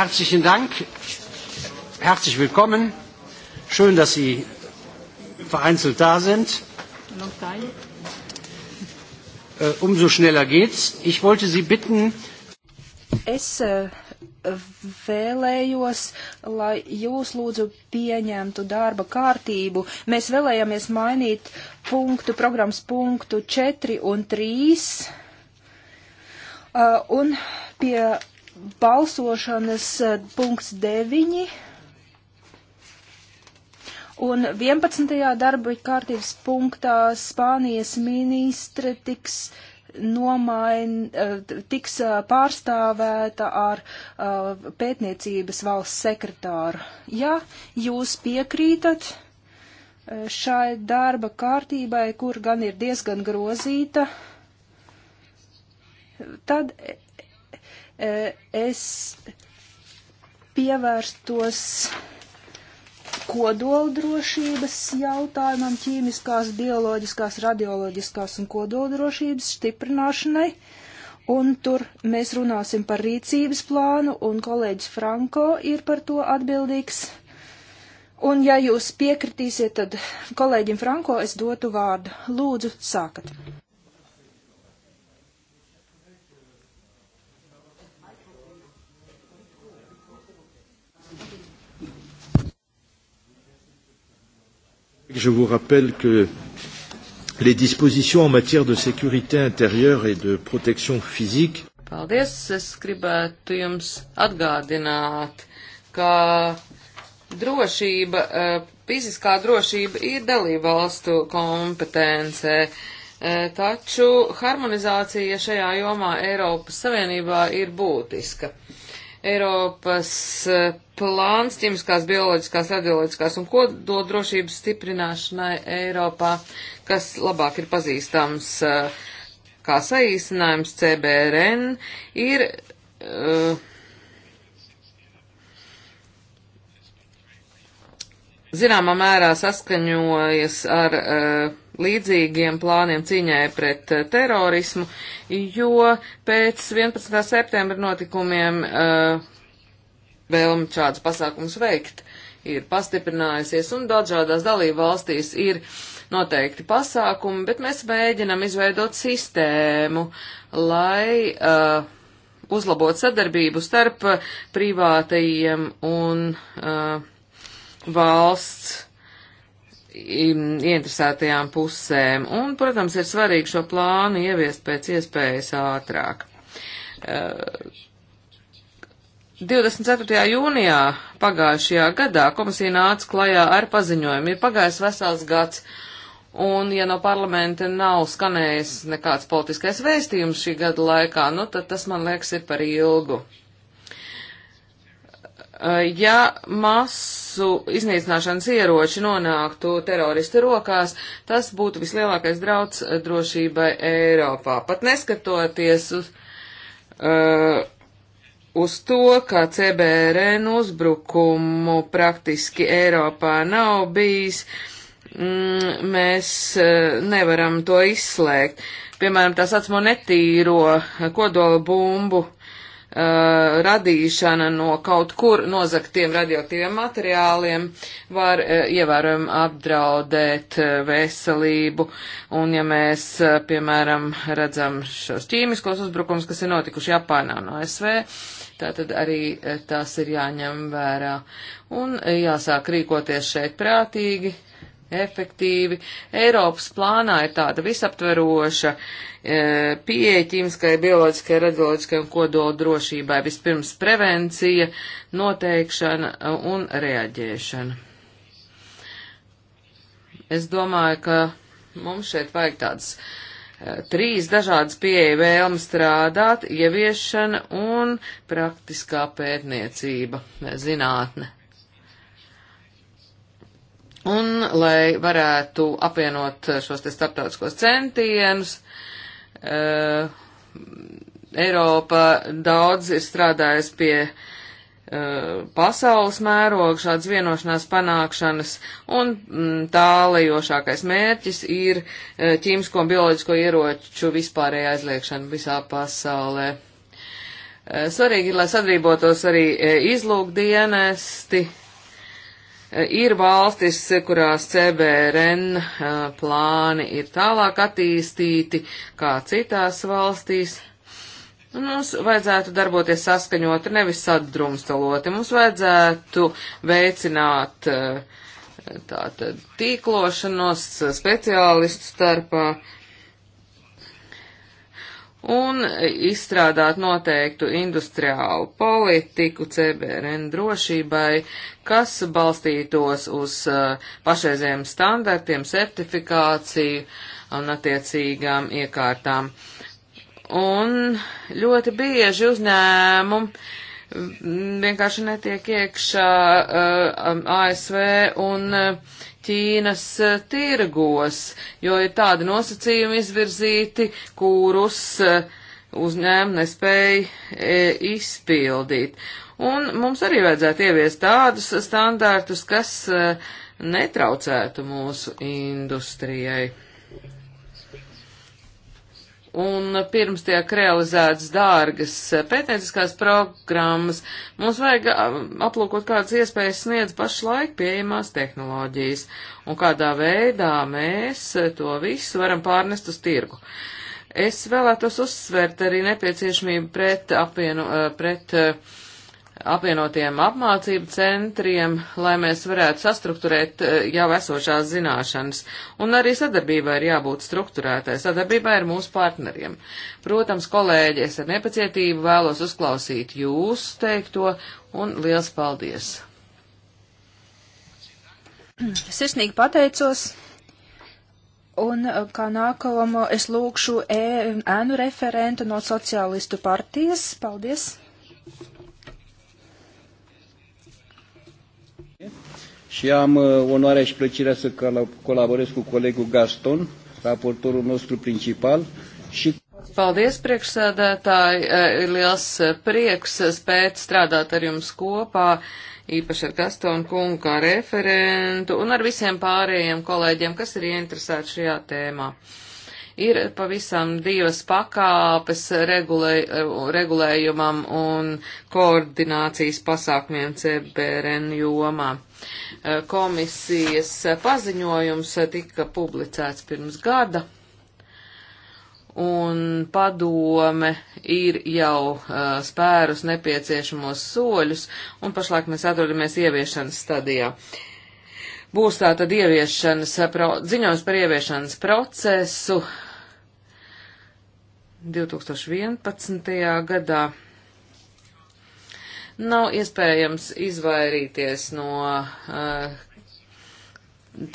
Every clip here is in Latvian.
Herzlichen Dank. Herzlich willkommen. Schön, dass Sie vereinzelt da sind. Äh, umso schneller geht's. Ich wollte Sie bitten. Es äh, vēlējos, lai jūs lūdzu pieņemtu darba kārtību. Mēs vēlējāmies mainīt punktu, programmas punktu 4 un 3. Un pie balsošanas eh, punkts 9. Un 11. darba kārtības punktā Spānijas ministre tiks nomain, eh, tiks eh, pārstāvēta ar pētniecības valsts sekretāru. Ja jūs piekrītat šai darba kārtībai, kur gan ir diezgan grozīta, tad Eh, es pievērstos kodoldrošības jautājumam, ķīmiskās, bioloģiskās, radioloģiskās un kodoldrošības stiprināšanai. Un tur mēs runāsim par rīcības plānu, un kolēģis Franko ir par to atbildīgs. Un ja jūs piekritīsiet, tad kolēģim Franko es dotu vārdu. Lūdzu, sākat. Je vous rappelle que les dispositions en matière de sécurité intérieure et de protection physique. Paldies, es gribētu jums atgādināt, ka drošība, eh, fiziskā drošība ir dalībvalstu kompetencē, eh, taču harmonizācija šajā jomā Eiropas Savienībā ir būtiska. Eiropas eh, plāns ķimiskās, bioloģiskās, radioloģiskās un kododrošības stiprināšanai Eiropā, kas labāk ir pazīstams eh, kā saīsinājums CBRN, ir uh, zināmā mērā saskaņojas ar uh, līdzīgiem plāniem cīņai pret uh, terorismu, jo pēc 11. septembra notikumiem uh, vēlme šāds pasākums veikt ir pastiprinājusies un dažādās dalību valstīs ir noteikti pasākumi, bet mēs mēģinam izveidot sistēmu, lai uh, uzlabot sadarbību starp privātajiem un uh, valsts ieinteresētajām pusēm, un, protams, ir svarīgi šo plānu ieviest pēc iespējas ātrāk. 24. Eh, jūnijā pagājušajā gadā komisija nāca klajā ar paziņojumu, ir pagājis vesels gads, un ja no parlamenta nav skanējis nekāds politiskais vēstījums šī gada laikā, nu tad tas, man liekas, ir par ilgu. Eh, ja masu iznīcināšanas ieroči nonāktu teroristu rokās, tas būtu vislielākais drauds eh, drošībai Eiropā. Pat neskatoties uz, uh, uz to, ka CBRN uzbrukumu praktiski Eiropā nav bijis, mm, mēs uh, nevaram to izslēgt. Piemēram, tā saucamo netīro kodola bumbu Uh, radīšana no kaut kur nozaktiem radioaktīviem materiāliem var uh, ievērojami apdraudēt uh, veselību. Un ja mēs, uh, piemēram, redzam šos ķīmiskos uzbrukums, kas ir notikuši Japānā un no ASV, tātad arī uh, tās ir jāņem vērā. Un uh, jāsāk rīkoties šeit prātīgi, efektīvi. Eiropas plānā ir tāda visaptveroša e, pieeja ķīmiskai, bioloģiskai, radioloģiskai un kodola drošībai. Vispirms prevencija, noteikšana un reaģēšana. Es domāju, ka mums šeit vajag tādas e, trīs dažādas pieeja vēlme strādāt, ieviešana un praktiskā pētniecība, zinātne. Un, lai varētu apvienot šos te starptautiskos centienus, uh, Eiropa daudz ir strādājusi pie uh, pasaules mēroga šādas vienošanās panākšanas, un mm, tālajošākais mērķis ir uh, ķīmisko un bioloģisko ieroču vispārējā aizliekšana visā pasaulē. Svarīgi ir, lai sadrībotos arī izlūkdienesti, Ir valstis, kurās CBRN eh, plāni ir tālāk attīstīti kā citās valstīs. Un mums vajadzētu darboties saskaņoti, nevis sadrumstaloti. Mums vajadzētu veicināt eh, tātad tīklošanos speciālistu starpā, un izstrādāt noteiktu industriālu politiku CBRN drošībai, kas balstītos uz uh, pašreizējiem standartiem, certifikāciju un attiecīgām iekārtām. Un ļoti bieži uzņēmumi vienkārši netiek iekšā uh, eh, ASV un uh, Ķīnas uh, tirgos, jo ir tādi nosacījumi izvirzīti, kurus uzņēmumi nespēja izpildīt. Un mums arī vajadzētu ieviest tādus standārtus, kas netraucētu mūsu industrijai. Un pirms tiek realizētas dārgas pētnieciskās programmas, mums vajag aplūkot, kādas iespējas sniedz pašlaik pieejamās tehnoloģijas un kādā veidā mēs to visu varam pārnest uz tirgu. Es vēlētos uzsvērt arī nepieciešamību pret apvienu, pret uh, apvienotiem apmācību centriem, lai mēs varētu sastruktūrēt eh, jau esošās zināšanas. Un arī sadarbībai ir jābūt struktūrētai, sadarbībai ar mūsu partneriem. Protams, kolēģi, es ar nepacietību vēlos uzklausīt jūs teikto, un liels paldies! Sirsnīgi pateicos, un eh, kā nākamo es lūkšu e, ēnu referentu no sociālistu partijas. Paldies! și am uh, onoarea și plăcerea să colaborez cu colegul Gaston, raportorul nostru principal și Paldies, priekšsēdētāji! Ir eh, liels eh, prieks eh, spēt strādāt ar jums kopā, īpaši ar Gastonu kungu kā referentu un ar visiem pārējiem kolēģiem, kas ir ieinteresēti šajā tēmā. Uh, Ir pavisam divas pakāpes regulē, regulējumam un koordinācijas pasākumiem CBRN jomā. Eh, komisijas paziņojums tika publicēts pirms gada un padome ir jau uh, spērus nepieciešamos soļus, un pašlaik mēs atrodamies ieviešanas stadijā. Būs tātad ieviešanas, pro, ziņojums par ieviešanas procesu, 2011. gadā nav iespējams izvairīties no uh,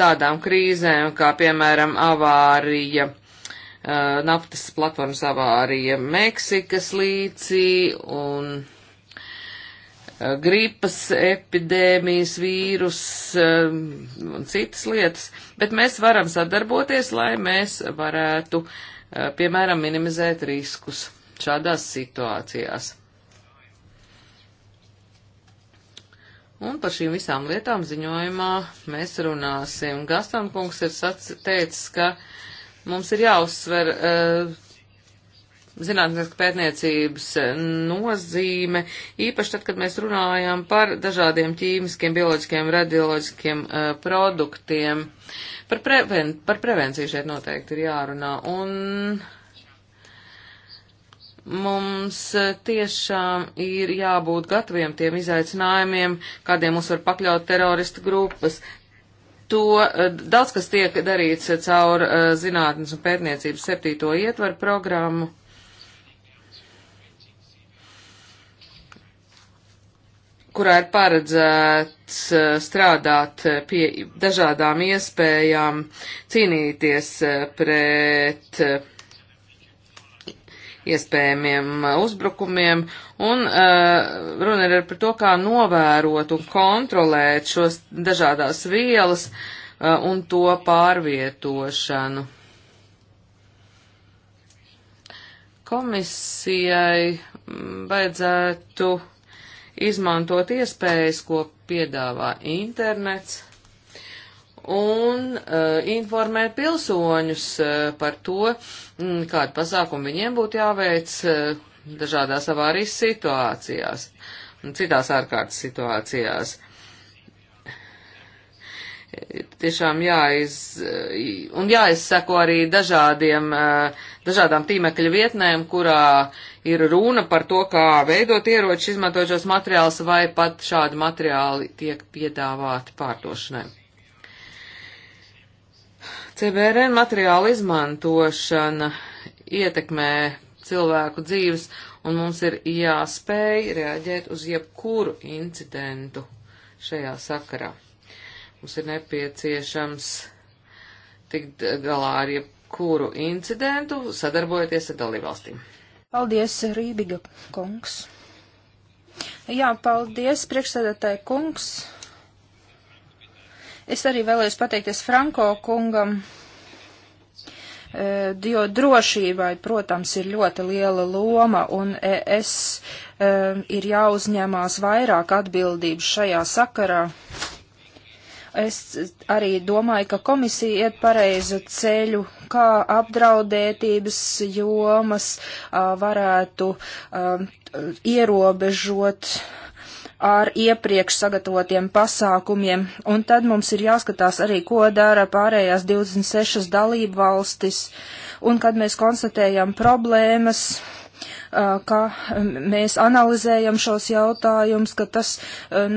tādām krīzēm, kā piemēram avārija, uh, naftas platformas avārija Meksikas līcī un uh, gripas epidēmijas vīrus un citas lietas, bet mēs varam sadarboties, lai mēs varētu uh, Eh, piemēram, minimizēt riskus šādās situācijās. Un par šīm visām lietām ziņojumā mēs runāsim. Gastonkungs ir sac, teicis, ka mums ir jāuzsver uh, zinātniska pētniecības eh, nozīme, īpaši tad, kad mēs runājam par dažādiem ķīmiskiem, bioloģiskiem, radioloģiskiem uh, produktiem. Par, preven par prevenciju šeit noteikti ir jārunā. Un mums eh, tiešām ir jābūt gataviem tiem izaicinājumiem, kādiem mūs var pakļaut teroristu grupas. To daudz kas tiek darīts caur zinātnes un pētniecības septīto ietvaru programmu. kurā ir paredzēts eh, strādāt eh, pie dažādām iespējām cīnīties eh, pret iespējamiem uzbrukumiem, un runa ir par to, kā novērot un kontrolēt šos dažādās vielas un to pārvietošanu. Komisijai mm, vajadzētu izmantot iespējas, ko piedāvā internets, un uh, informēt pilsoņus uh, par to, mm, kādu pasākumu viņiem būtu jāveic uh, dažādās avārijas situācijās un citās ārkārtas situācijās. Tiešām jāiz, un jāizseko arī dažādiem, dažādām tīmekļa vietnēm, kurā ir runa par to, kā veidot ieroči, izmantojot šos materiālus, vai pat šādi materiāli tiek piedāvāti pārdošanai. CBRN materiāla izmantošana ietekmē cilvēku dzīves, un mums ir jāspēj reaģēt uz jebkuru incidentu šajā sakarā. Mums ir nepieciešams tikt galā ar jebkuru incidentu, sadarbojoties ar dalībvalstīm. Paldies, Rībiga kungs. Jā, paldies, priekšsēdētāji kungs. Es arī vēlējos pateikties Franko kungam, e, jo drošībai, protams, ir ļoti liela loma, un es e, ir jāuzņemās vairāk atbildības šajā sakarā. Es arī domāju, ka komisija iet pareizu ceļu, kā apdraudētības jomas varētu ierobežot ar iepriekš sagatavotiem pasākumiem, un tad mums ir jāskatās arī, ko dara pārējās 26 dalību valstis, un kad mēs konstatējam problēmas, ka mēs analizējam šos jautājumus, ka tas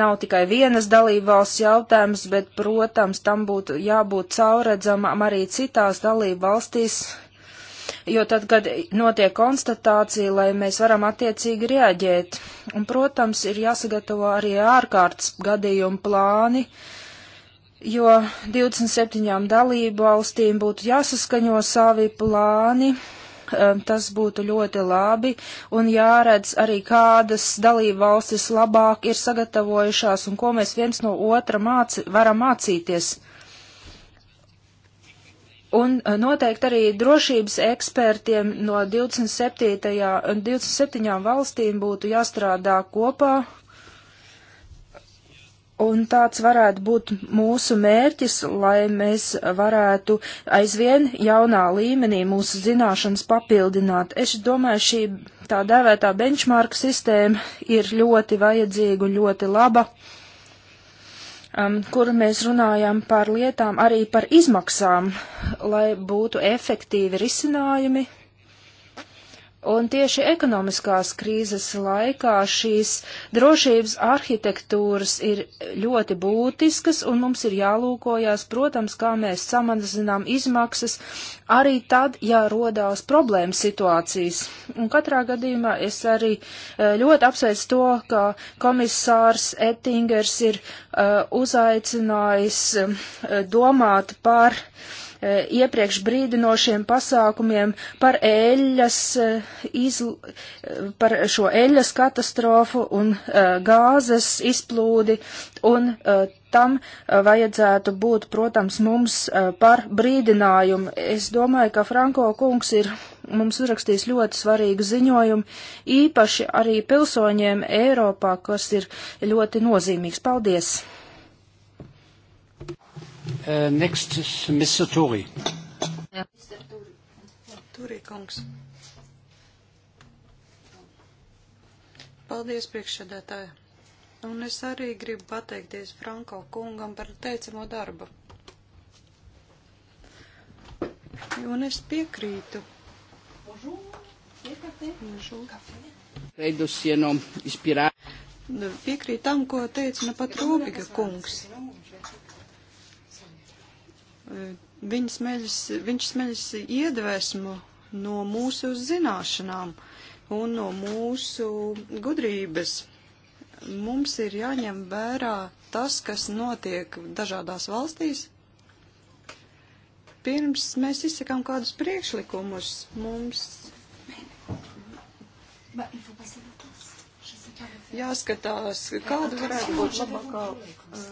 nav tikai vienas dalībvalsts jautājums, bet, protams, tam būtu jābūt cauredzamam arī citās dalībvalstīs, jo tad, kad notiek konstatācija, lai mēs varam attiecīgi reaģēt. Un, protams, ir jāsagatavo arī ārkārtas gadījumu plāni, jo 27 dalību valstīm būtu jāsaskaņo savi plāni, Um, tas būtu ļoti labi, un jāredz arī, kādas dalība valstis labāk ir sagatavojušās un ko mēs viens no otra māci, varam mācīties. Un uh, noteikti arī drošības ekspertiem no 27, 27 valstīm būtu jāstrādā kopā Un tāds varētu būt mūsu mērķis, lai mēs varētu aizvien jaunā līmenī mūsu zināšanas papildināt. Es domāju, šī tā dēvētā benchmark sistēma ir ļoti vajadzīga un ļoti laba, um, kur mēs runājam par lietām, arī par izmaksām, lai būtu efektīvi risinājumi Un tieši ekonomiskās krīzes laikā šīs drošības arhitektūras ir ļoti būtiskas, un mums ir jālūkojās, protams, kā mēs samazinām izmaksas arī tad, ja rodās problēmas situācijas. Un katrā gadījumā es arī e, ļoti apsveicu to, ka komisārs Ettingers ir uh, uzaicinājis uh, domāt par uh, E, iepriekš brīdinošiem pasākumiem par eļas, e, izl, e, par šo eļas katastrofu un gāzes izplūdi un tam vajadzētu būt, protams, mums par brīdinājumu. Es domāju, ka Franko kungs ir mums uzrakstījis ļoti svarīgu ziņojumu, īpaši arī pilsoņiem Eiropā, kas ir ļoti nozīmīgs. Paldies! Uh, next is Mr. Tori. Jā, Mr. Tori. Tori kungs. Paldies, priekšsēdētāji. Un es arī gribu pateikties Franko kungam par teicamo darbu. Un es piekrītu. Piekrītu tam, ko teica nepat nu Rūpiga kungs smeļas, viņš smeļas iedvesmu no mūsu zināšanām un no mūsu gudrības. Mums ir jāņem vērā tas, kas notiek dažādās valstīs. Pirms mēs izsakām kādus priekšlikumus, mums jāskatās, kāda varētu būt labākā. Uh,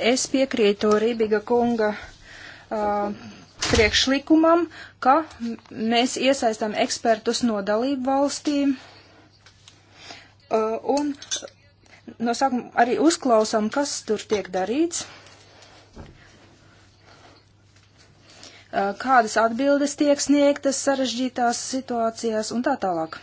Es piekrītu Rībiga kunga uh, priekšlikumam, ka mēs iesaistām ekspertus no dalību valstīm uh, un no sākuma arī uzklausām, kas tur tiek darīts, uh, kādas atbildes tiek sniegtas sarežģītās situācijās un tā tālāk.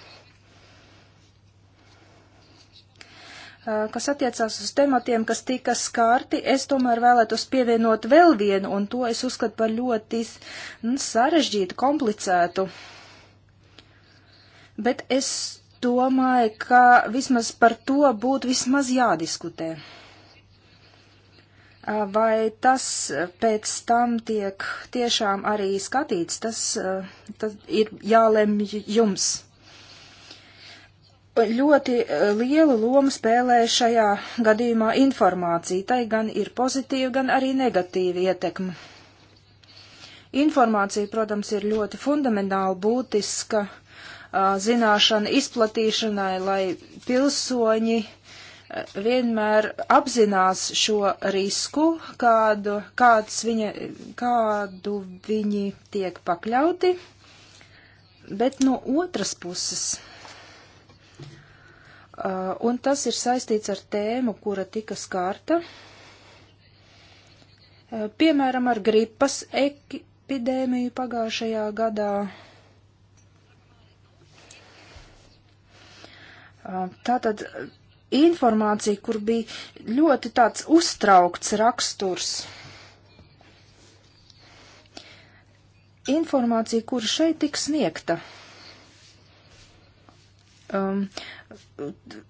kas attiecās uz tematiem, kas tika skārti, es tomēr vēlētos pievienot vēl vienu, un to es uzskatu par ļoti nu, sarežģītu, komplicētu. Bet es domāju, ka vismaz par to būtu vismaz jādiskutē. Vai tas pēc tam tiek tiešām arī skatīts, tas, tas ir jālemj jums ļoti eh, lielu lomu spēlē šajā gadījumā informācija. Tai gan ir pozitīva, gan arī negatīva ietekme. Informācija, protams, ir ļoti fundamentāli būtiska eh, zināšana izplatīšanai, lai pilsoņi eh, vienmēr apzinās šo risku, kādu, viņa, kādu viņi tiek pakļauti, bet no otras puses Uh, un tas ir saistīts ar tēmu, kura tika skārta, uh, piemēram, ar gripas epidēmiju pagājušajā gadā. Uh, tātad informācija, kur bija ļoti tāds uztraukts raksturs. Informācija, kur šeit tik sniegta. Um, uh,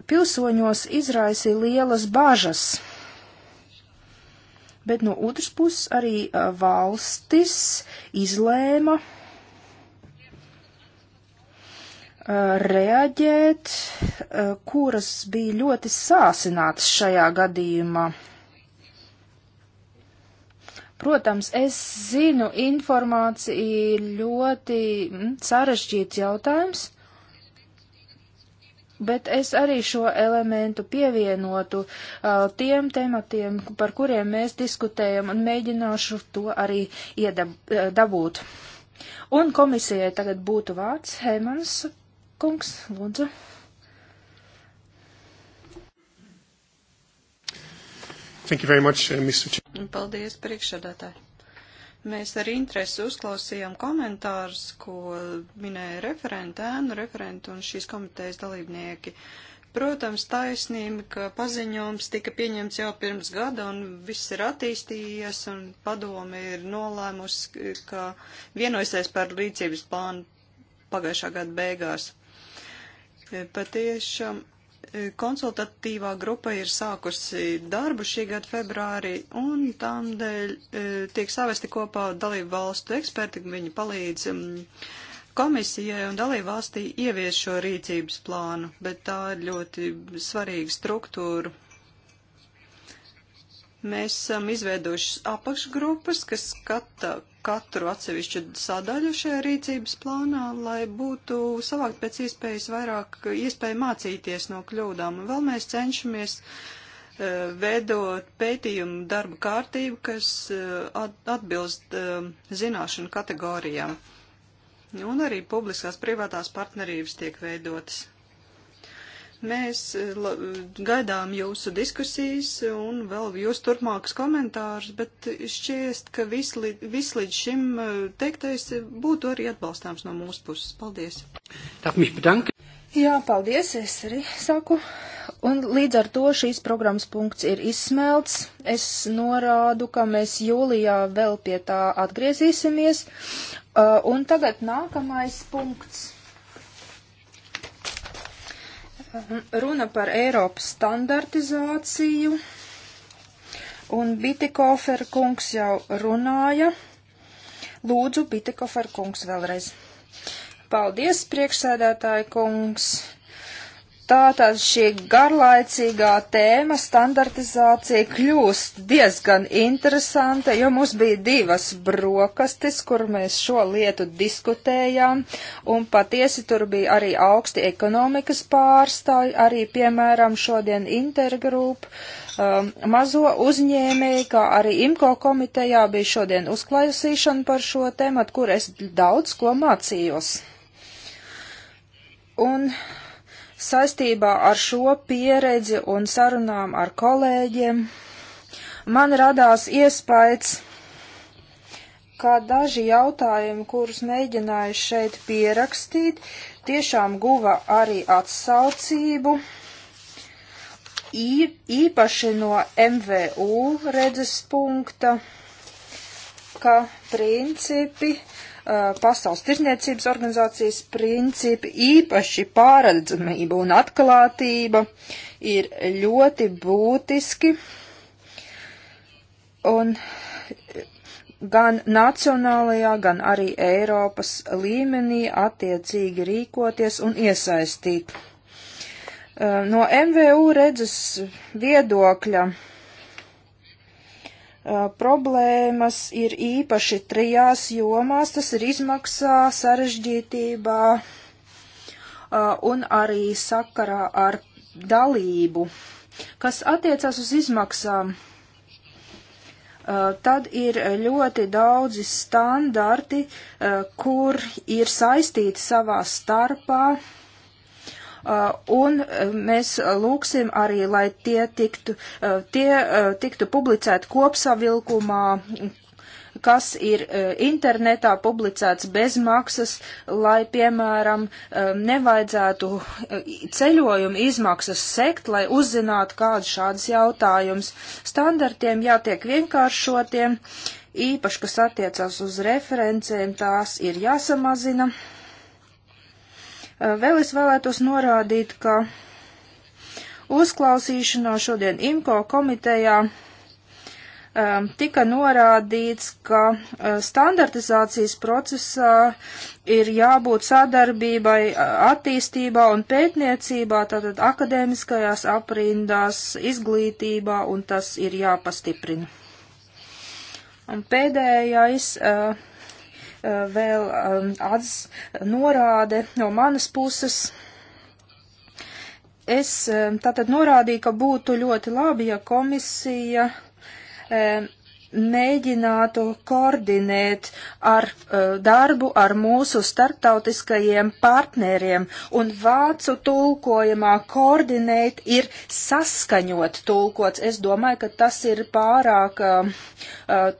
pilsoņos izraisīja lielas bažas. Bet no otras puses arī valstis izlēma reaģēt, kuras bija ļoti sāsinātas šajā gadījumā. Protams, es zinu, informācija ir ļoti mm, sarežģīts jautājums Bet es arī šo elementu pievienotu uh, tiem tematiem, par kuriem mēs diskutējam, un mēģināšu to arī iedabūt. Uh, un komisijai tagad būtu vārds Heimans kungs, lūdzu. Thank you very much, uh, Mr. Chair. Paldies, priekšsēdētāji. Mēs ar interesi uzklausījām komentārus, ko minēja referenti, ēnu referenti un šīs komitejas dalībnieki. Protams, taisnība, ka paziņojums tika pieņemts jau pirms gada un viss ir attīstījies un padomi ir nolēmusi, ka vienojusies par rīcības plānu pagājušā gada beigās. E, patiešām Konsultatīvā grupa ir sākusi darbu šī gada februārī, un tādēļ e, tiek savesti kopā dalību valstu eksperti, viņi palīdz komisijai un dalību valstī ievies šo rīcības plānu, bet tā ir ļoti svarīga struktūra. Mēs esam izveidojuši apakšgrupas, kas skata katru atsevišķu sadaļu šajā rīcības plānā, lai būtu savākt pēc iespējas vairāk iespēju mācīties no kļūdām. Un vēl mēs cenšamies uh, veidot pētījumu darba kārtību, kas uh, atbilst uh, zināšanu kategorijām. Un arī publiskās privātās partnerības tiek veidotas. Mēs eh, gaidām jūsu diskusijas un vēl jūs turpmākus komentārus, bet šķiest, ka viss vis līdz šim eh, teiktais būtu arī atbalstāms no mūsu puses. Paldies! Jā, paldies, es arī saku. Un līdz ar to šīs programmas punkts ir izsmelts. Es norādu, ka mēs jūlijā vēl pie tā atgriezīsimies. Uh, un tagad nākamais punkts. Runa par Eiropas standartizāciju, un Bitikofer kungs jau runāja. Lūdzu, Bitikofer kungs vēlreiz. Paldies, priekšsēdētāji kungs! Tātad šī garlaicīgā tēma standartizācija kļūst diezgan interesanta, jo mums bija divas brokastis, kur mēs šo lietu diskutējām, un patiesi tur bija arī augsti ekonomikas pārstāji, arī piemēram šodien intergrupu, um, mazo uzņēmēju, kā arī IMKO komitejā bija šodien uzklausīšana par šo tēmu, kur es daudz ko mācījos. Un Saistībā ar šo pieredzi un sarunām ar kolēģiem man radās iespējas, ka daži jautājumi, kurus mēģināju šeit pierakstīt, tiešām guva arī atsaucību. Ī, īpaši no MVU redzes punkta, ka principi Uh, Pasaules tirzniecības organizācijas principi, īpaši pārredzamība un atklātība, ir ļoti būtiski. Un gan nacionālajā, gan arī Eiropas līmenī attiecīgi rīkoties un iesaistīt. Uh, no MVU redzes viedokļa problēmas ir īpaši trijās jomās, tas ir izmaksā, sarežģītībā un arī sakarā ar dalību. Kas attiecas uz izmaksām, tad ir ļoti daudzi standarti, kur ir saistīti savā starpā Uh, un uh, mēs lūksim arī, lai tie tiktu, uh, tie tiktu publicēti kopsavilkumā, kas ir internetā publicēts bez maksas, lai, piemēram, nevajadzētu ceļojumu izmaksas sekt, lai uzzinātu, kāds šāds jautājums. Standartiem jātiek vienkāršotiem, īpaši, kas attiecas uz referencēm, tās ir jāsamazina. Eh, vēl es vēlētos norādīt, ka uzklausīšanā šodien IMCO komitejā eh, tika norādīts, ka eh, standartizācijas procesā ir jābūt sadarbībai attīstībā un pētniecībā, tātad akadēmiskajās aprindās, izglītībā, un tas ir jāpastiprina. Un pēdējais uh, Eh, vēl um, ats norāde no manas puses. Es eh, tātad norādīju, ka būtu ļoti labi, ja komisija eh, mēģinātu koordinēt ar uh, darbu ar mūsu starptautiskajiem partneriem, un vācu tulkojumā koordinēt ir saskaņot tulkots. Es domāju, ka tas ir pārāk uh,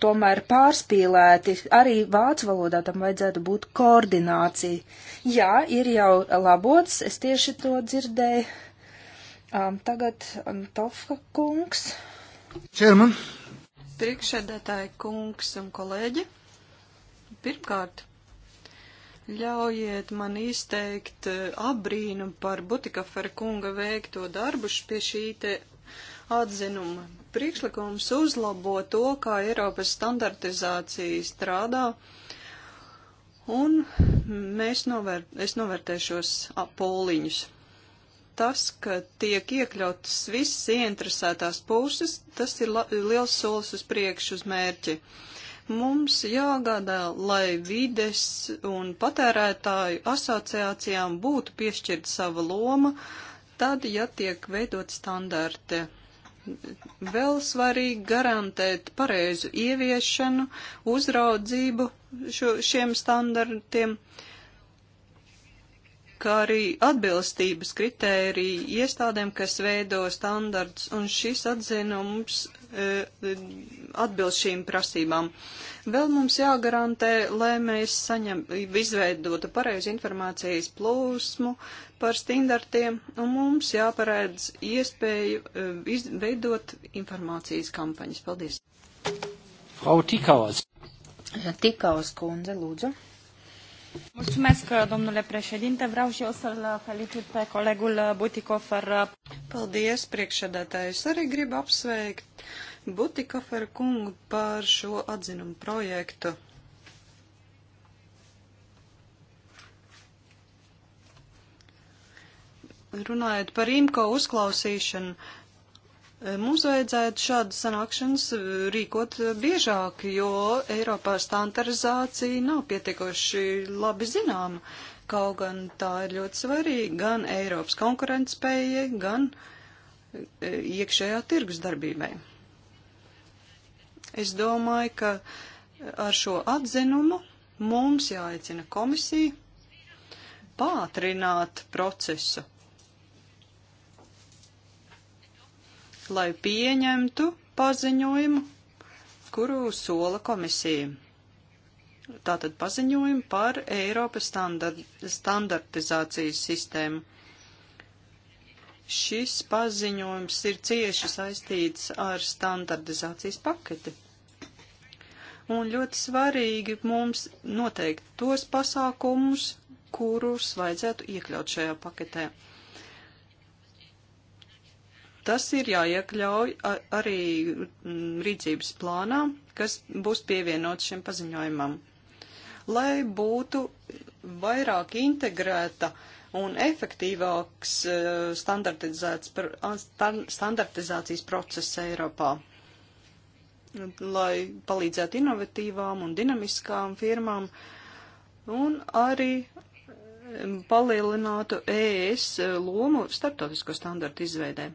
tomēr pārspīlēti. Arī vācu valodā tam vajadzētu būt koordinācija. Jā, ir jau labots, es tieši to dzirdēju. Um, tagad um, Tofka kungs. Čerman. Priekšsēdētāji kungs un kolēģi, pirmkārt, ļaujiet man izteikt eh, abrīnu par Butikafera kunga veikto darbu pie šī te atzinuma. Priekšlikums uzlabo to, kā Eiropas standartizācija strādā, un mēs novērt, es novērtēšos apoliņus tas, ka tiek iekļautas visas ieinteresētās puses, tas ir liels solis uz priekšu uz mērķi. Mums jāgādā, lai vides un patērētāju asociācijām būtu piešķirta sava loma, tad, ja tiek veidot standarte. Vēl svarīgi garantēt pareizu ieviešanu, uzraudzību šo, šiem standartiem. Uh, kā arī atbilstības kritēriji iestādēm, kas veido standarts, un šis atzinums e, atbilst šīm prasībām. Vēl mums jāgarantē, lai mēs saņem, izveidotu pareizi informācijas plūsmu par standartiem, un mums jāparēdz iespēju e, izveidot informācijas kampaņas. Paldies! Frau Tikaus. Tikaus kundze, lūdzu. Mulțumesc, domnule președinte. Vreau și eu să-l felicit pe colegul Butikofer. Paldies, priekšsēdētājs. Arī gribu apsveikt Butikofer kungu par šo atzinumu projektu. Runājot par IMCO uzklausīšanu, Eh, mums vajadzētu šādu sanākšanas eh, rīkot eh, biežāk, jo Eiropā standarizācija nav pietiekoši labi zināma, kaut gan tā ir ļoti svarīga gan Eiropas konkurentspēja, gan iekšējā tirgus darbībai. Es domāju, ka ar šo atzinumu mums jāaicina komisija pātrināt procesu lai pieņemtu paziņojumu, kuru sola komisija. Tātad paziņojumu par Eiropas standart, standartizācijas sistēmu. Šis paziņojums ir cieši saistīts ar standartizācijas paketi. Un ļoti svarīgi mums noteikt tos pasākumus, kurus vajadzētu iekļaut šajā paketē tas ir jāiekļauj arī mm, rīcības plānā, kas būs pievienots šim paziņojumam, lai būtu vairāk integrēta un efektīvāks e, standartizācijas process Eiropā, lai palīdzētu inovatīvām un dinamiskām firmām un arī e, palielinātu ES lomu starptautisko standartu izveidē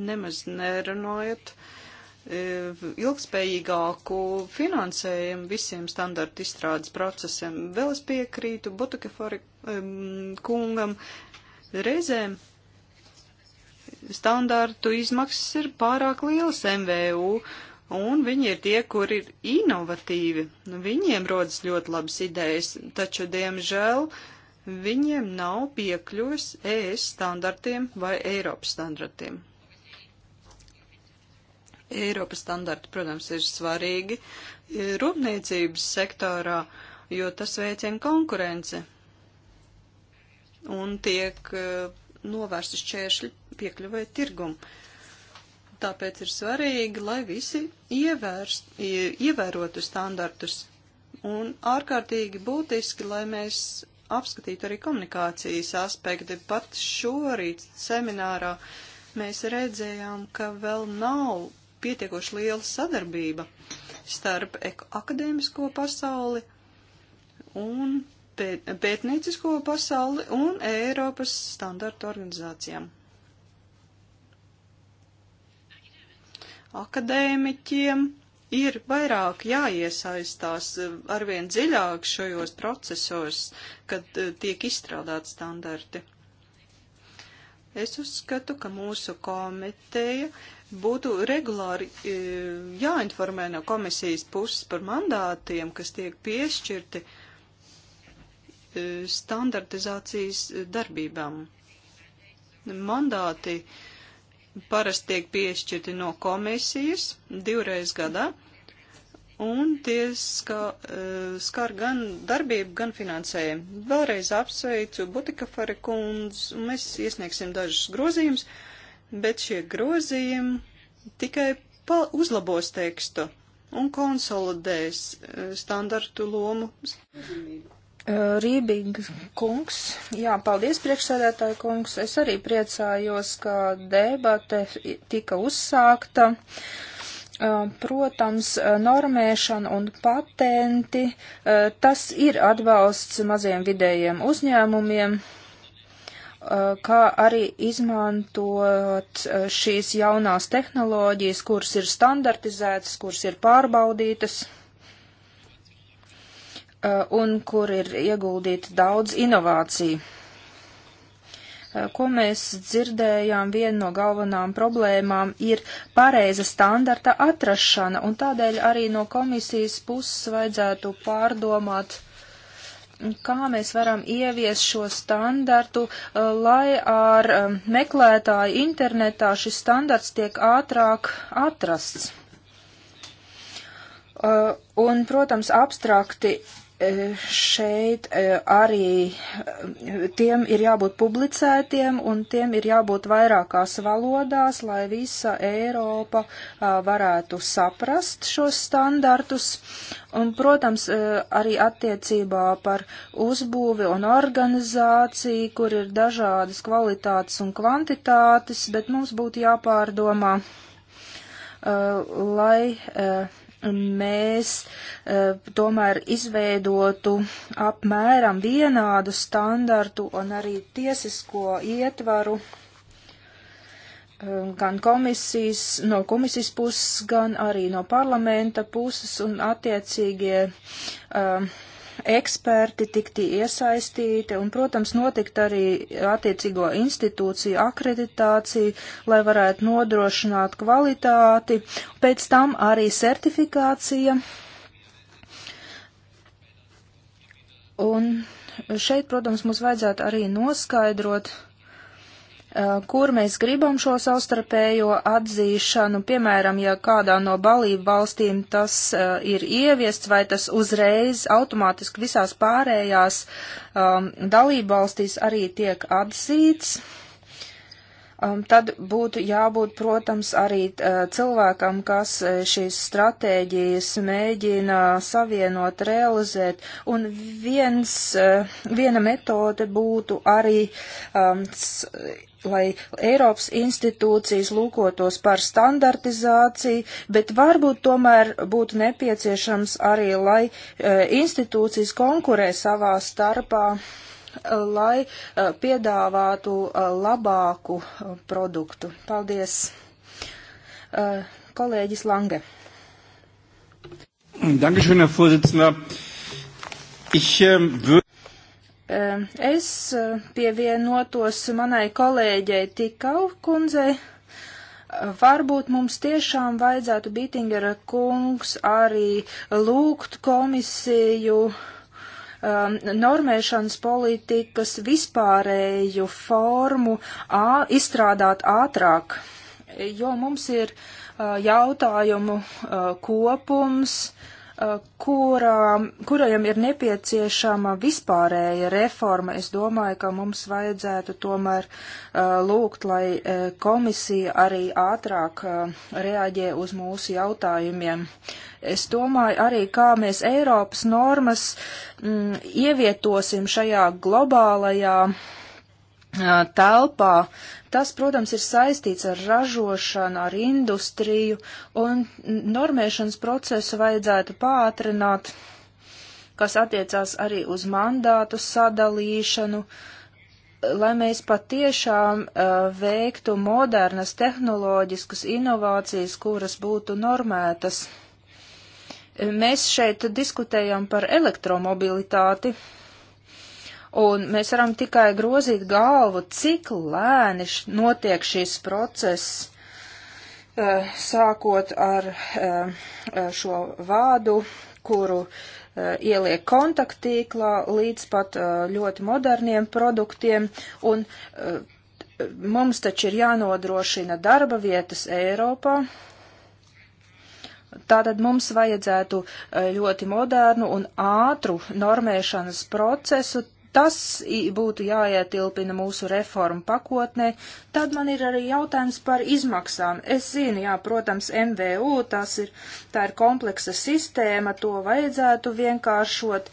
nemaz nerunājot e, ilgspējīgāku finansējumu visiem standartu izstrādes procesiem. Vēl es piekrītu Botukefori e, kungam reizēm standartu izmaksas ir pārāk lielas MVU, un viņi ir tie, kur ir inovatīvi. Viņiem rodas ļoti labas idejas, taču, diemžēl, viņiem nav piekļuvis ES standartiem vai Eiropas standartiem. Eiropas standarti, protams, ir svarīgi e, rūpniecības sektorā, jo tas veicina konkurenci un tiek e, novērsti šķēršļi piekļuvai tirgumu. Tāpēc ir svarīgi, lai visi ievērst, ievērotu standartus un ārkārtīgi būtiski, lai mēs apskatītu arī komunikācijas aspekti. Pat šorīt seminārā mēs redzējām, ka vēl nav pietiekoši liela sadarbība starp akadēmisko pasauli un pēt, pētniecisko pasauli un Eiropas standartu organizācijām. Akadēmiķiem ir vairāk jāiesaistās eh, arvien dziļāk šajos procesos, kad eh, tiek izstrādāti standarti. Es uzskatu, ka mūsu komiteja būtu regulāri e, jāinformē no komisijas puses par mandātiem, kas tiek piešķirti e, standartizācijas darbībām. Mandāti parasti tiek piešķirti no komisijas divreiz gadā, un tie ska, e, skar gan darbību, gan finansējumu. Vēlreiz apsveicu Butika Farekundz, un mēs iesniegsim dažus grozījumus bet šie grozījumi tikai uzlabos tekstu un konsolidēs eh, standartu lomu. Eh, Rībīgs kungs, jā, paldies priekšsēdētāji kungs. Es arī priecājos, ka debate tika uzsākta. Eh, Protams, normēšana un patenti, tas ir atbalsts maziem vidējiem uzņēmumiem, Uh, kā arī izmantot uh, šīs jaunās tehnoloģijas, kuras ir standartizētas, kuras ir pārbaudītas uh, un kur ir ieguldīta daudz inovāciju. Ko mēs dzirdējām, viena no galvenām problēmām ir pareiza standarta atrašana, un tādēļ arī no komisijas puses vajadzētu pārdomāt uh, kā mēs varam ievies šo standartu, uh, lai ar um, meklētāju internetā šis standarts tiek ātrāk atrasts. Uh, un, protams, abstrakti E, šeit e, arī e, tiem ir jābūt publicētiem un tiem ir jābūt vairākās valodās, lai visa Eiropa varētu saprast šos standartus. Un, protams, arī attiecībā par uzbūvi un organizāciju, kur ir dažādas kvalitātes un kvantitātes, bet mums būtu jāpārdomā, lai mēs e, tomēr izveidotu apmēram vienādu standartu un arī tiesisko ietvaru e, gan komisijas, no komisijas puses, gan arī no parlamenta puses un attiecīgie um, e, eksperti tikti iesaistīti un, protams, notikt arī attiecīgo institūciju akreditācija, lai varētu nodrošināt kvalitāti, pēc tam arī certifikācija. Un šeit, protams, mums vajadzētu arī noskaidrot, uh, Eh, kur mēs gribam šo savstarpējo atzīšanu, piemēram, ja kādā no balību valstīm tas uh, ir ieviests, vai tas uzreiz automātiski visās pārējās um, dalību valstīs arī tiek atzīts. Uh, Um, tad būtu jābūt, protams, arī uh, cilvēkam, kas uh, šīs stratēģijas mēģina savienot, realizēt. Un viens, uh, viena metode būtu arī, um, lai Eiropas institūcijas lūkotos par standartizāciju, bet varbūt tomēr būtu nepieciešams arī, lai uh, institūcijas konkurē savā starpā. Uh, lai eh, piedāvātu eh, labāku eh, produktu. Paldies, kolēģis Lange. Dankeschön, Herr Vorsitzender. Ich ähm, würde. Es pievienotos manai kolēģei Tikau kundzei. Varbūt mums tiešām vajadzētu Bītingera kungs arī lūgt komisiju uh, um, normēšanas politikas vispārēju formu ā, izstrādāt ātrāk, jo mums ir uh, jautājumu uh, kopums, uh, Eh, kura, kurajam ir nepieciešama vispārēja reforma, es domāju, ka mums vajadzētu tomēr eh, lūgt, lai eh, komisija arī ātrāk reaģē uz mūsu jautājumiem. Es domāju arī, kā mēs Eiropas normas m, mm, ievietosim šajā globālajā uh, telpā. Tas, protams, ir saistīts ar ražošanu, ar industriju, un normēšanas procesu vajadzētu pātrināt, kas attiecās arī uz mandātu sadalīšanu, lai mēs patiešām uh, veiktu modernas tehnoloģiskas inovācijas, kuras būtu normētas. Mēs šeit diskutējam par elektromobilitāti. Uh, un mēs varam tikai grozīt galvu, cik lēni notiek šīs process, eh, sākot ar eh, eh, šo vādu, kuru ieliek kontaktīklā līdz pat ļoti moderniem produktiem, un mums taču ir jānodrošina darba vietas Eiropā. Tātad mums vajadzētu ļoti modernu un ātru normēšanas procesu tas būtu jāietilpina mūsu reformu pakotnē. Tad man ir arī jautājums par izmaksām. Es zinu, jā, protams, MVU, tas ir, tā ir kompleksa sistēma, to vajadzētu vienkāršot,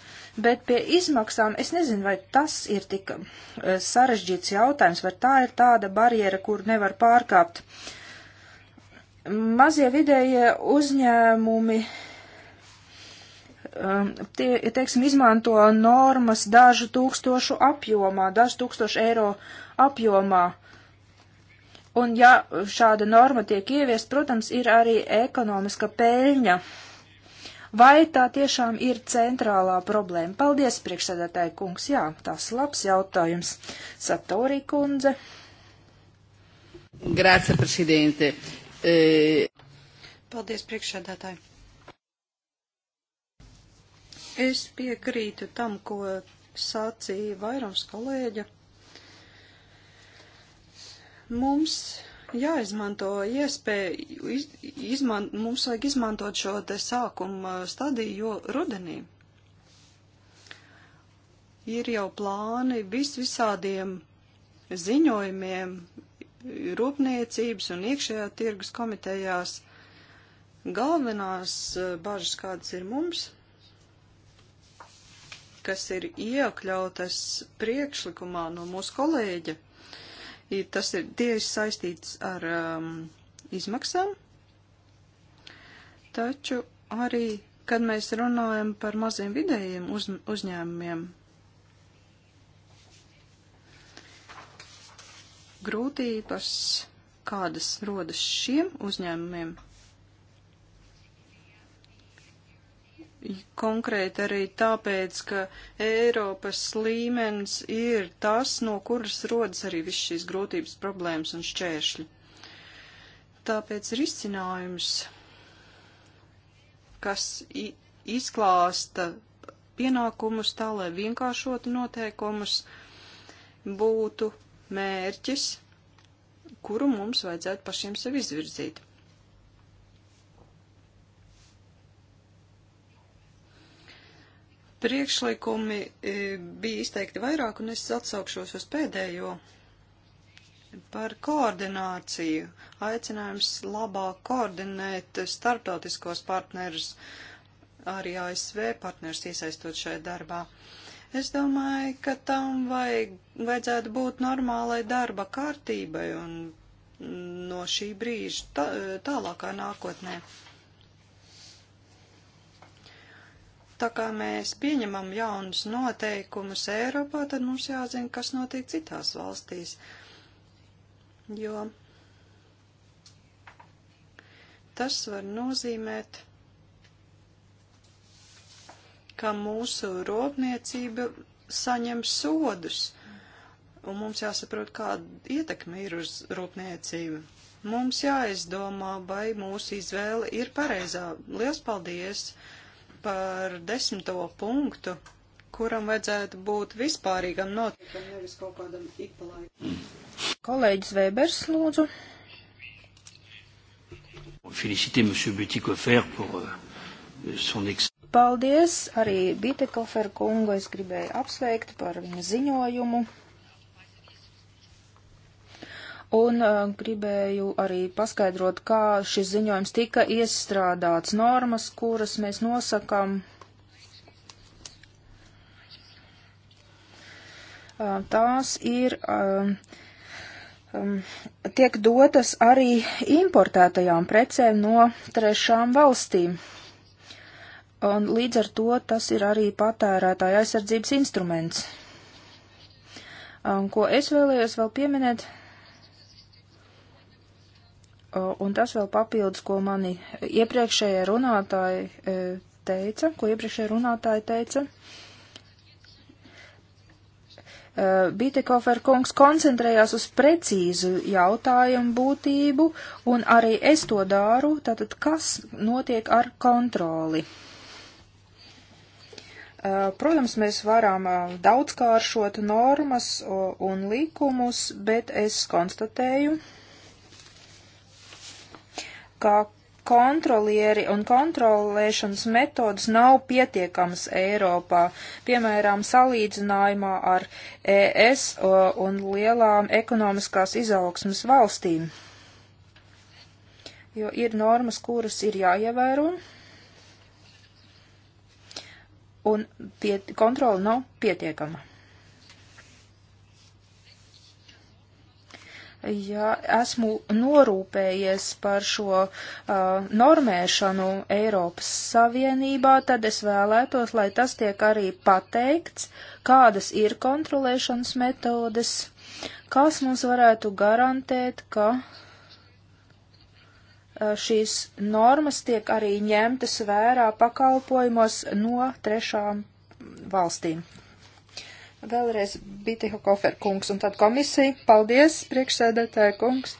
bet pie izmaksām es nezinu, vai tas ir tik e, sarežģīts jautājums, vai tā ir tāda barjera, kur nevar pārkāpt. Mazie vidējie uzņēmumi Um, tie, teiksim, izmanto normas dažu tūkstošu apjomā, dažu tūkstošu eiro apjomā. Un ja šāda norma tiek ieviest, protams, ir arī ekonomiska pēļņa. Vai tā tiešām ir centrālā problēma? Paldies, priekšsēdētāji kungs. Jā, tas labs jautājums. Satorī kundze. Grāce, prezidente. E... Eh, Paldies, priekšsēdētāji. Es piekrītu tam, ko sacīja vairums kolēģa. Mums jāizmanto iespēja, iz, izman, mums vajag izmantot šo te sākuma stadiju, jo rudenī ir jau plāni vis visādiem ziņojumiem rūpniecības un iekšējā tirgus komitejās. Galvenās eh, bažas, kādas ir mums, kas ir iekļautas priekšlikumā no mūsu kolēģa, ir, tas ir tieši saistīts ar um, izmaksām, taču arī, kad mēs runājam par maziem vidējiem uz, uzņēmumiem, grūtības, kādas rodas šiem uzņēmumiem, konkrēti arī tāpēc, ka Eiropas līmenis ir tas, no kuras rodas arī viss šīs grūtības problēmas un šķēršļi. Tāpēc risinājums, kas izklāsta pienākumus tā, lai vienkāršotu noteikumus, būtu mērķis, kuru mums vajadzētu pašiem sev izvirzīt. priekšlikumi e, bija izteikti vairāk, un es atsaukšos uz pēdējo par koordināciju. Aicinājums labāk koordinēt starptautiskos partnerus, arī ASV partnerus iesaistot šajā darbā. Es domāju, ka tam vajag, vajadzētu būt normālai darba kārtībai un no šī brīža tā, tālākā nākotnē. tā kā mēs pieņemam jaunus noteikumus Eiropā, tad mums jāzina, kas notiek citās valstīs. Jo tas var nozīmēt, ka mūsu rūpniecība saņem sodus, un mums jāsaprot, kāda ietekme ir uz rūpniecību. Mums jāizdomā, vai mūsu izvēle ir pareizā. Lielas paldies! Uh, par desmito punktu, kuram vajadzētu būt vispārīgam notiekam, nevis kaut kādam ikpalaikam. Kolēģis Vēbers, lūdzu. Felicitē monsieur Butikofer par euh, son ex. Paldies arī Bitekofer kungu, es gribēju apsveikt par viņa ziņojumu un uh, gribēju arī paskaidrot, kā šis ziņojums tika iestrādāts normas, kuras mēs nosakām. Uh, tās ir. Uh, um, tiek dotas arī importētajām precēm no trešām valstīm. Un līdz ar to tas ir arī patērētāja aizsardzības instruments. Um, ko es vēlējos vēl pieminēt, Un tas vēl papildus, ko mani iepriekšējie runātāji e, teica, ko iepriekšējie runātāji teica. E, Bitekofer kungs koncentrējās uz precīzu jautājumu būtību, un arī es to dāru, tātad kas notiek ar kontroli. E, protams, mēs varam daudzkāršot normas un likumus, bet es konstatēju, ka kontrolieri un kontrolēšanas metodas nav pietiekamas Eiropā, piemēram, salīdzinājumā ar ES un lielām ekonomiskās izaugsmas valstīm. Jo ir normas, kuras ir jāievēro, un pie, kontrola nav pietiekama. ja esmu norūpējies par šo uh, normēšanu Eiropas Savienībā, tad es vēlētos, lai tas tiek arī pateikts, kādas ir kontrolēšanas metodes, kas mums varētu garantēt, ka uh, šīs normas tiek arī ņemtas vērā pakalpojumos no trešām valstīm. Vēlreiz Bitiho Kofer kungs un tad komisija. Paldies, priekšsēdētāja kungs.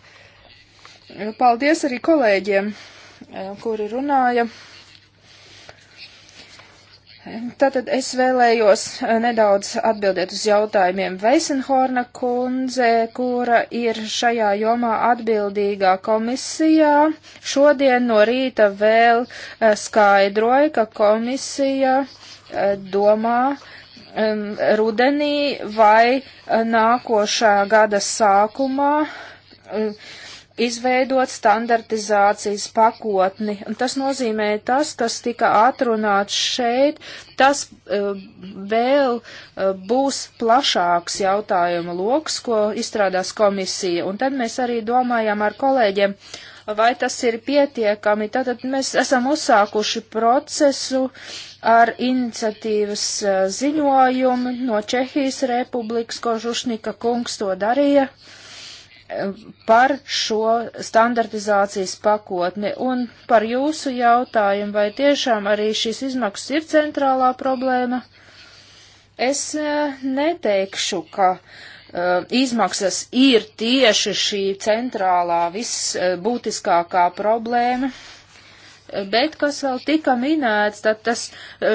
Paldies arī kolēģiem, eh, kuri runāja. Tātad es vēlējos eh, nedaudz atbildēt uz jautājumiem Veisenhorna kundze, kura ir šajā jomā atbildīgā komisijā. Šodien no rīta vēl eh, skaidroja, ka komisija domā, Um, rudenī vai uh, nākošā gada sākumā uh, izveidot standartizācijas pakotni. Un tas nozīmē tas, kas tika atrunāts šeit, tas uh, vēl uh, būs plašāks jautājuma loks, ko izstrādās komisija. Un tad mēs arī domājam ar kolēģiem, uh, vai tas ir pietiekami. Tātad mēs esam uzsākuši procesu ar iniciatīvas eh, ziņojumu no Čehijas republikas, ko Žušnika kungs to darīja eh, par šo standartizācijas pakotni un par jūsu jautājumu, vai tiešām arī šīs izmaksas ir centrālā problēma. Es eh, neteikšu, ka uh, Eh, izmaksas ir tieši šī centrālā visbūtiskākā eh, problēma. Eh, bet, kas vēl tika minēts, tad tas,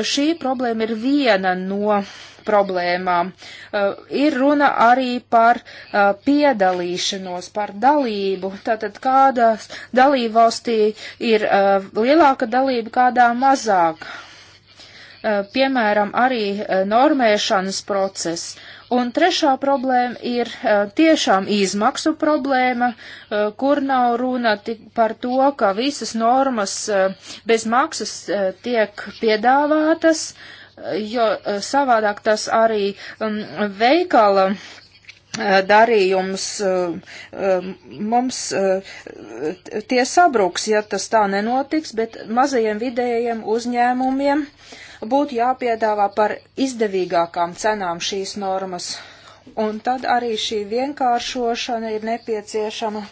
šī problēma ir viena no problēmām. Ir runa arī par piedalīšanos, par dalību. Tātad kādā dalībvalstī ir lielāka dalība, kādā mazāk. Piemēram, arī normēšanas process Un trešā problēma ir e, tiešām izmaksu problēma, e, kur nav runa par to, ka visas normas e, bez maksas tiek piedāvātas, jo savādāk tas arī veikala darījums mums tie sabruks, ja tas tā nenotiks, bet mazajiem vidējiem uzņēmumiem uh, būtu jāpiedāvā par izdevīgākām cenām šīs normas. Un tad arī šī vienkāršošana ir nepieciešama.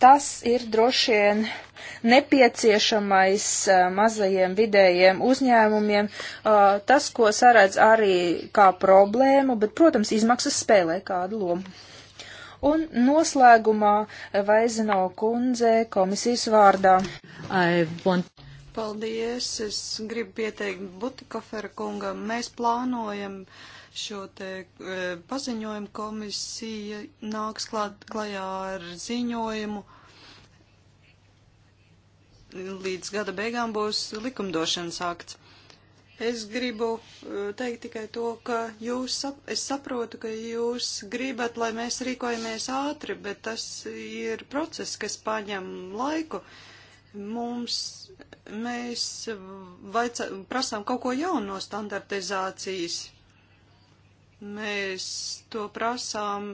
Tas ir droši vien nepieciešamais mazajiem vidējiem uzņēmumiem, tas, ko saredz arī kā problēmu, bet, protams, izmaksas spēlē kādu lomu. Un noslēgumā Vaizino kundze komisijas vārdā. Want... Paldies! Es gribu pieteikt Butikofera kungam. Mēs plānojam šo te e, paziņojumu komisija nāks klāt, klajā ar ziņojumu. Līdz gada beigām būs likumdošanas akts. Es gribu e, teikt tikai to, ka jūs, sap, es saprotu, ka jūs gribat, lai mēs rīkojamies ātri, bet tas ir process, kas paņem laiku. Uh, mums, mēs vajadzā, prasām kaut ko jaunu no standartizācijas. Mēs to prasām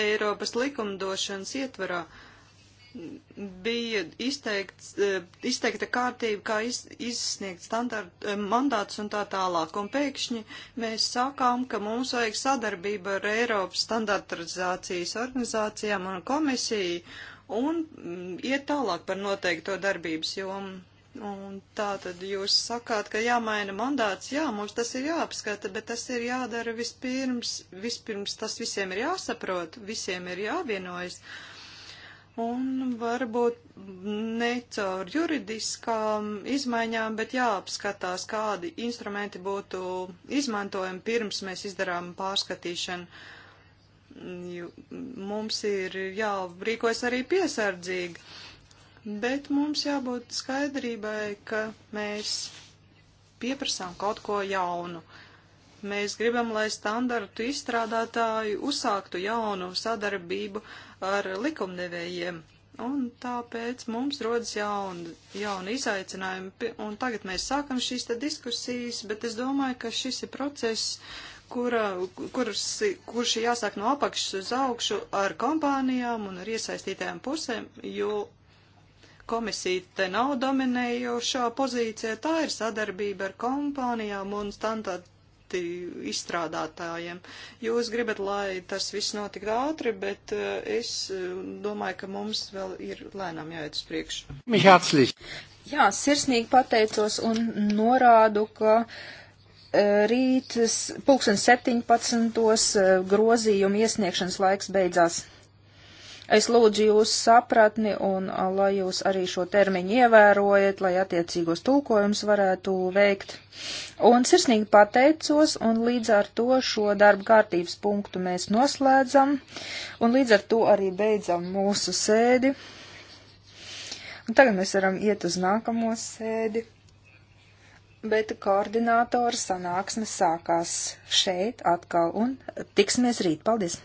Eiropas likumdošanas ietvarā. Bija izteikts, eh, izteikta kārtība, kā iz, izsniegt standart, eh, mandāts un tā tālāk. Un pēkšņi mēs sākām, ka mums vajag sadarbība ar Eiropas standartizācijas organizācijām un komisiju un mm, iet tālāk par noteikto darbības jomu. Un tā tad jūs sakāt, ka jāmaina mandāts, jā, mums tas ir jāapskata, bet tas ir jādara vispirms, vispirms tas visiem ir jāsaprot, visiem ir jāvienojas. Un varbūt ne caur juridiskām izmaiņām, bet jāapskatās, kādi instrumenti būtu izmantojami pirms mēs izdarām pārskatīšanu mums ir jārīkojas arī piesardzīgi, bet mums jābūt skaidrībai, ka mēs pieprasām kaut ko jaunu. Mēs gribam, lai standartu izstrādātāji uzsāktu jaunu sadarbību ar likumdevējiem, un tāpēc mums rodas jauni, jauni izaicinājumi, un tagad mēs sākam šīs diskusijas, bet es domāju, ka šis ir process, kurā, kuras, kurš ir jāsāk no apakšas uz augšu ar kompānijām un ar iesaistītajām pusēm, jo komisija te nav dominējošā pozīcija, tā ir sadarbība ar kompānijām un standarta izstrādātājiem. Jūs gribat, lai tas viss notiktu ātri, bet eh, es eh, domāju, ka mums vēl ir lēnām jāiet uz priekšu. Jā, sirsnīgi pateicos un norādu, ka uh, rīt pulksten 17. Eh, grozījuma iesniegšanas laiks beidzās. Es lūdzu jūs sapratni un lai jūs arī šo termiņu ievērojat, lai attiecīgos tulkojums varētu veikt. Un sirsnīgi pateicos, un līdz ar to šo darba kārtības punktu mēs noslēdzam, un līdz ar to arī beidzam mūsu sēdi. Un tagad mēs varam iet uz nākamo sēdi bet koordinātora sanāksme sākās šeit atkal un tiksimies rīt. Paldies!